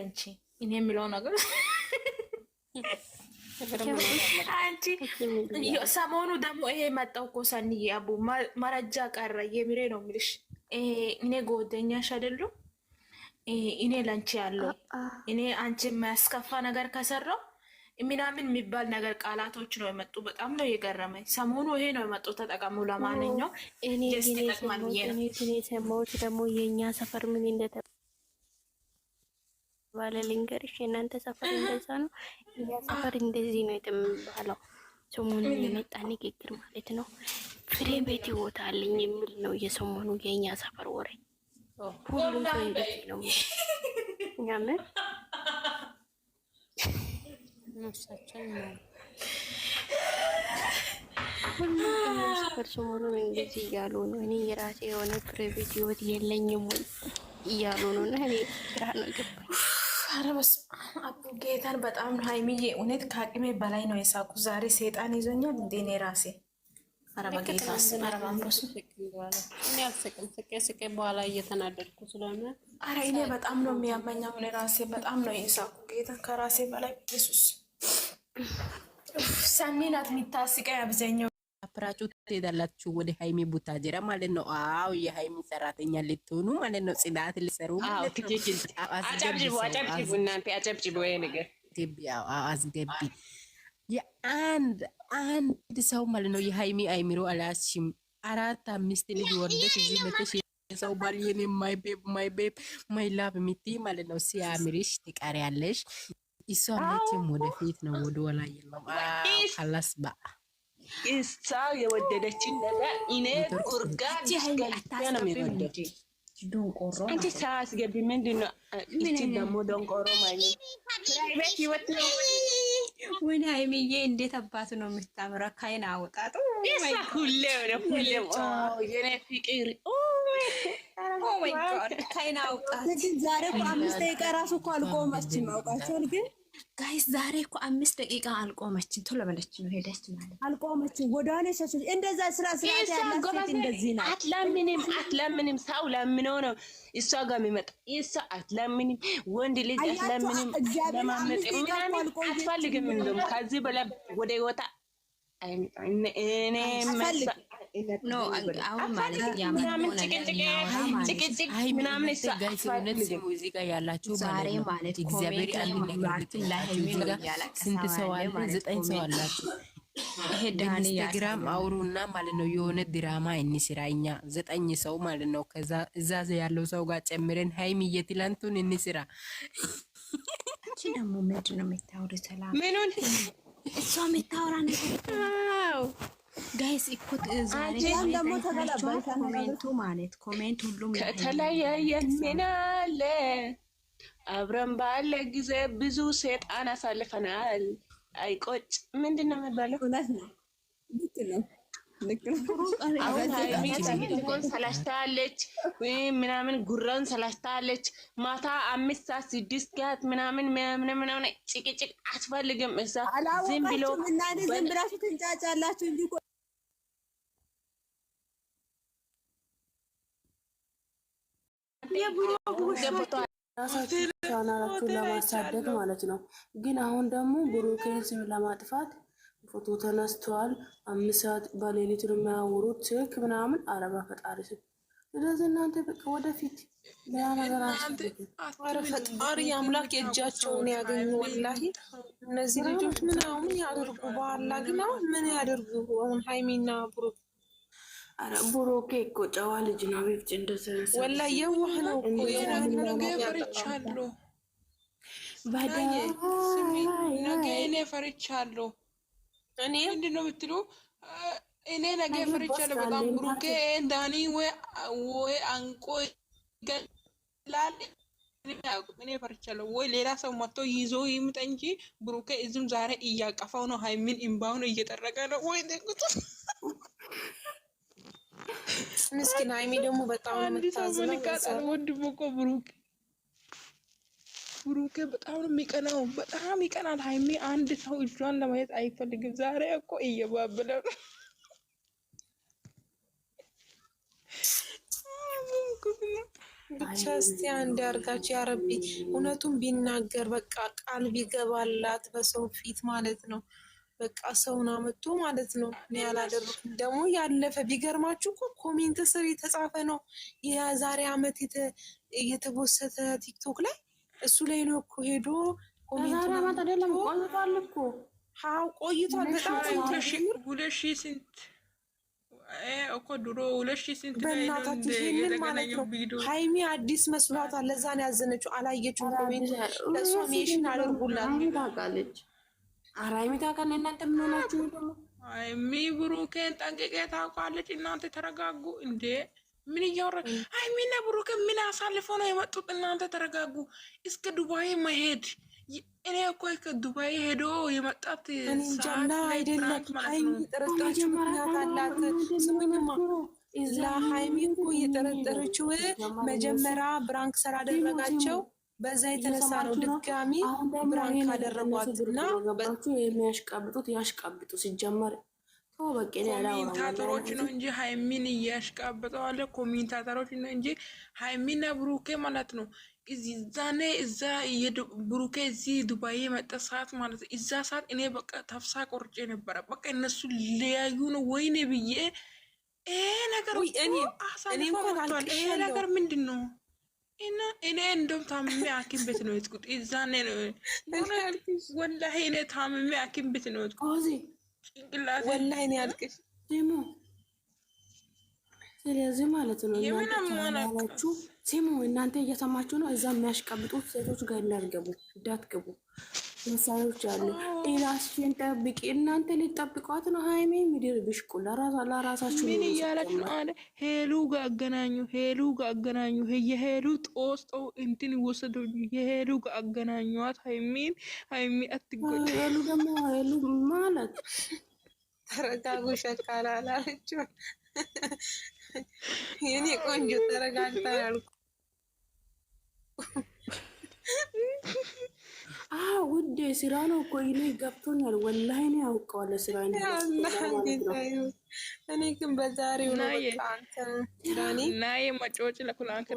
አንቺ እኔ የሚለው ነገር አንቺ ሰሞኑ ደግሞ ይሄ መጣው እኮ ሰንዬ አቡ መረጃ ቀረ። የምሬ ነው የምልሽ። እኔ ጎደኛሽ አይደሉም። እኔ ለአንቺ ያለው እኔ አንቺ የሚያስከፋ ነገር ከሰራው ምናምን የሚባል ነገር ቃላቶች ነው የመጡ። በጣም ነው የገረመኝ። ሰሞኑ ይሄ ነው የመጡ። ተጠቀሙ። ለማንኛው እኔ ተጠቅማል ነው ደግሞ የእኛ ሰፈር ምን እንደተ ባለ ልንገርሽ፣ የእናንተ ሰፈር እንደዛ ነው፣ እኛ ሰፈር እንደዚህ ነው የተባለው። ሰሞኑ የመጣ ንግግር ማለት ነው። ፍሬ ቤት ቦታ የሚል ነው የሰሞኑ የእኛ ሰፈር ወሬ። ሁሉም ሰው እንደዚህ ነው። ምን ሁሉም ሰፈር ሰሞኑን እንደዚህ እያሉ ነው። እኔ የራሴ የሆነ ፍሬ ቤት ህይወት የለኝም ወይ እያሉ ነው። እና እኔ ግራ ነው ገባኝ። ኧረ በስመ አብ ጌታን በጣም ነው ሃይሚዬ፣ እውነት ከአቅሜ በላይ ነው የሳቁ። ዛሬ ሴጣን ይዞኛል እንዴ እኔ ራሴ። ኧረ በኋላ እየተናደድኩ ስለሆነ ኧረ እኔ በጣም ነው የሚያመኛ። እኔ ራሴ በጣም ነው የሳቁ ጌታ ከራሴ በላይ ኢየሱስ ሰኒናት የሚታስቀ አብዛኛው አብራችሁ ትሄዳላችሁ ወደ ሀይሚ ቡታጀራ ማለት ነው። አዎ የሀይሚ ሰራተኛ ልትሆኑ ማለት ነው። ጽዳት ልሰሩ አስገቢ። የአንድ አንድ ሰው ማለት ነው የሀይሚ አይምሮ አላያስሽም። አራት አምስት ልጅ ወርደት እዚህ መተሽ ሰው ባል የኔ ማይ ቤብ ማይ ቤብ ማይ ላቭ ሚቲ ማለት ነው። ሲያምርሽ ትቀሪያለሽ። እሷ መቼም ወደፊት ነው ወደኋላ የለም። ካላስ በአ እሷ የወደደችን ነገር እኔ ቁርጋ ነው የሚወደድ። ዶንቆሮ አንቺ ሳያስገቢ ምንድን ነው? ይችን ደግሞ ዶንቆሮ ማለት ፕራይቬት ህይወት ነው። ወይኔ ሀይሚዬ እንዴት አባት ነው የምታምረው! ካይን አውጣጡ ሁሌ ሁሌም የኔ ፍቅር ካይን አውጣት። ዛሬ አምስት ደቂቃ ራሱ እኮ አልቆመችም። አውቃቸዋል ግን ጋይስ ዛሬ እኮ አምስት ደቂቃ አልቆመችም። ቶሎ በለች ነው ሄደች ማለት አልቆመችም። ወደኋላ ሸሽ እንደዛ ስራ ስራት ነው። አትለምንም፣ አትለምንም። ሰው ለምኖ ነው እሷ ጋር የሚመጣ እሷ አትለምንም። ወንድ ልጅ አትለምንም። ለማመጥ ምናምን አትፈልግም። እንደውም ከዚህ በላይ ወደ ህይወታ ኢንስታግራም አውሩና ማለት ነው። የሆነ ድራማ እንስራ እኛ ዘጠኝ ሰው ማለት ነው። ከዛ እዛ ያለው ሰው ጋር ጨምረን ሀይሚ የትላንቱን እንስራ። አንቺ ደግሞ ምንድን ነው የምታወሪው? ሰላም እሷ የምታወራ ጋይስ እኮ ኮሜንቱ ማለት ኮሜንት ሁሉም ከተለያየን ምን አለ አብረን ባለ ጊዜ ብዙ ሴጣን አሳልፈናል። አይቆጭ ምንድን ነው የሚባለው? እውነት ነው። ልጎን ሰላሽታለች ምናምን ጉራውን ሰላሽታለች። ማታ አምስት ሰዓት ስድስት ጋት ምናምን ምናምን ምናምን ጭቅጭቅ አትፈልግም። እዛ ዝም ብሎ ዝም ብላችሁ ትንጫጫላችሁ እንጂ ራሳችሁ ቻናላችሁን ለማሳደግ ማለት ነው። ግን አሁን ደግሞ ብሩኬን ስም ለማጥፋት ፎቶ ተነስተዋል። አምስት ሰዓት በሌሊት ነው የሚያወሩት ስልክ ምናምን። አረባ ፈጣሪ ስ ስለዚህ እናንተ በቃ ወደፊት ሌላ ነገር አረ ፈጣሪ አምላክ የእጃቸውን ያገኙ። ወላሂ እነዚህ ልጆች ምናምን ያደርጉ በኋላ ግና ምን ያደርጉ። አሁን ሀይሚና ብሩክ አረ ብሩክ እኮ ጨዋ ልጅ ነው። ቢብጭ እንደተነሳ ወላ የዋህ ነው ነገ ፈርቻለሁ እኔ ምንድን ነው የምትሉ? እኔ ነገ ፈርቻለሁ በጣም ብሩኬ ዳኒ ወይ አንቆ ይገላል። እኔ ፈርቻለሁ ወይ ሌላ ሰው መጥቶ ይዞ ይምጣ እንጂ ብሩኬ እዚህም ዛሬ እያቀፋው ነው። ሀይሚን እምባውን እየጠረቀ ነው ወይ ደንቁት። ምስኪን ሀይሚ ደግሞ በጣም ነው የምታዝነው። ወንድም እኮ ብሩኬ ብሩኬ በጣም ነው የሚቀናው። በጣም ይቀናል። ሀይሚ አንድ ሰው እጇን ለማየት አይፈልግም። ዛሬ እኮ እየባበለ ብቻ እስቲ አንድ አርጋች ያረቢ። እውነቱን ቢናገር በቃ ቃል ቢገባላት በሰው ፊት ማለት ነው። በቃ ሰውን አመጡ ማለት ነው። እኔ ያላደረኩም ደግሞ ያለፈ ቢገርማችሁ እኮ ኮሜንት ስር የተጻፈ ነው። የዛሬ አመት የተቦሰተ ቲክቶክ ላይ እሱ ላይ ነው እኮ ሄዶ ኮሜንት አይደለም። ቆይቷል እኮ ቆይቷል። በጣም ሁለት ሺህ ስንት እኮ ድሮ ሁለት ሺህ ስንት በእናታችሁ ይህንን ማለት ነው። ሀይሚ አዲስ መስሏታል። ለዛ ነው ያዘነችው። አላየችው ኮሜንት ለእሷ ሜሽን አድርጉላት። ታውቃለች። ኧረ ሀይሚ ታውቃለች። እናንተ ምን ሆናችሁ? ሀይሚ ብሩኬን ጠንቅቄ ታውቃለች። እናንተ ተረጋጉ እንዴ! ምን እያወረ አይ ሚና ብሩክ ምን አሳልፎ ነው የመጡት? እናንተ ተረጋጉ። እስከ ዱባይ መሄድ እኔ እኮ ከዱባይ ሄዶ የመጣት ሰዓት አይደለም። ጥርጣሬ ምክንያት ለሀይሚ እኮ የጠረጠረችው መጀመሪያ ብራንክ ስራ አደረጋቸው። በዛ የተነሳ ነው ድጋሚ ብራንክ አደረጓት እና የሚያሽቃብጡት ያሽቃብጡ ሲጀመር ኮሜንታተሮች ነው እንጂ ሀይሚን እያሽቃበጠዋለ ኮሜንታተሮች ነው እንጂ ሀይሚና ብሩኬ ማለት ነው። ዛኔ እዛ ብሩኬ እዚ ዱባይ የመጠ ሰዓት ማለት እዛ ሰዓት እኔ በቃ ተፍሳ ቆርጬ ነበረ። በቃ እነሱ ሊያዩ ነው ወይኔ ብዬ ይሄ ነገር ይሄ ነገር ምንድን ነው? እኔ እንደም ታምሜ ሐኪም ቤት ነው የትኩት እዛኔ ነው ወላሂ እኔ ታምሜ ሐኪም ቤት ነው የትኩት ወላሂ ነው ያልቅሽ። ስሙ ስለዚህ ማለት ነው እናንተላችሁ ስሙ እናንተ እየሰማችሁ ነው። እዛ የሚያሽቀብጡት ሴቶች ጋር እንዳትገቡ እንዳትገቡ ምሳሌዎች አሉ። ጤናሽን ጠብቂ። እናንተ ሊጠብቋት ነው። ሃይሜ ምድር ብሽቁ ለራሳችሁ ምን እያለች ነው? አለ ሄሉ ጋ አገናኙ፣ ሄሉ ጋ አገናኙ። የሄሉ ጦስጦ እንትን ወሰዶ የሄሉ ጋ አገናኟት። ሃይሜን ሃይሜ አትጎዳ። ሄሉ ደግሞ ሄሉ ማለት ተረጋጉ፣ ሸካላላቸው የኔ ቆንጆ ተረጋግተናል። ስራ ነው እኮ እኔ ገብቶኛል። ወላሂ እኔ አውቀዋለሁ ስራ እኔ ግን በዛሬው ነው አንተ ዳኒ ናዬ መጮጭ ለኩላንክሪክ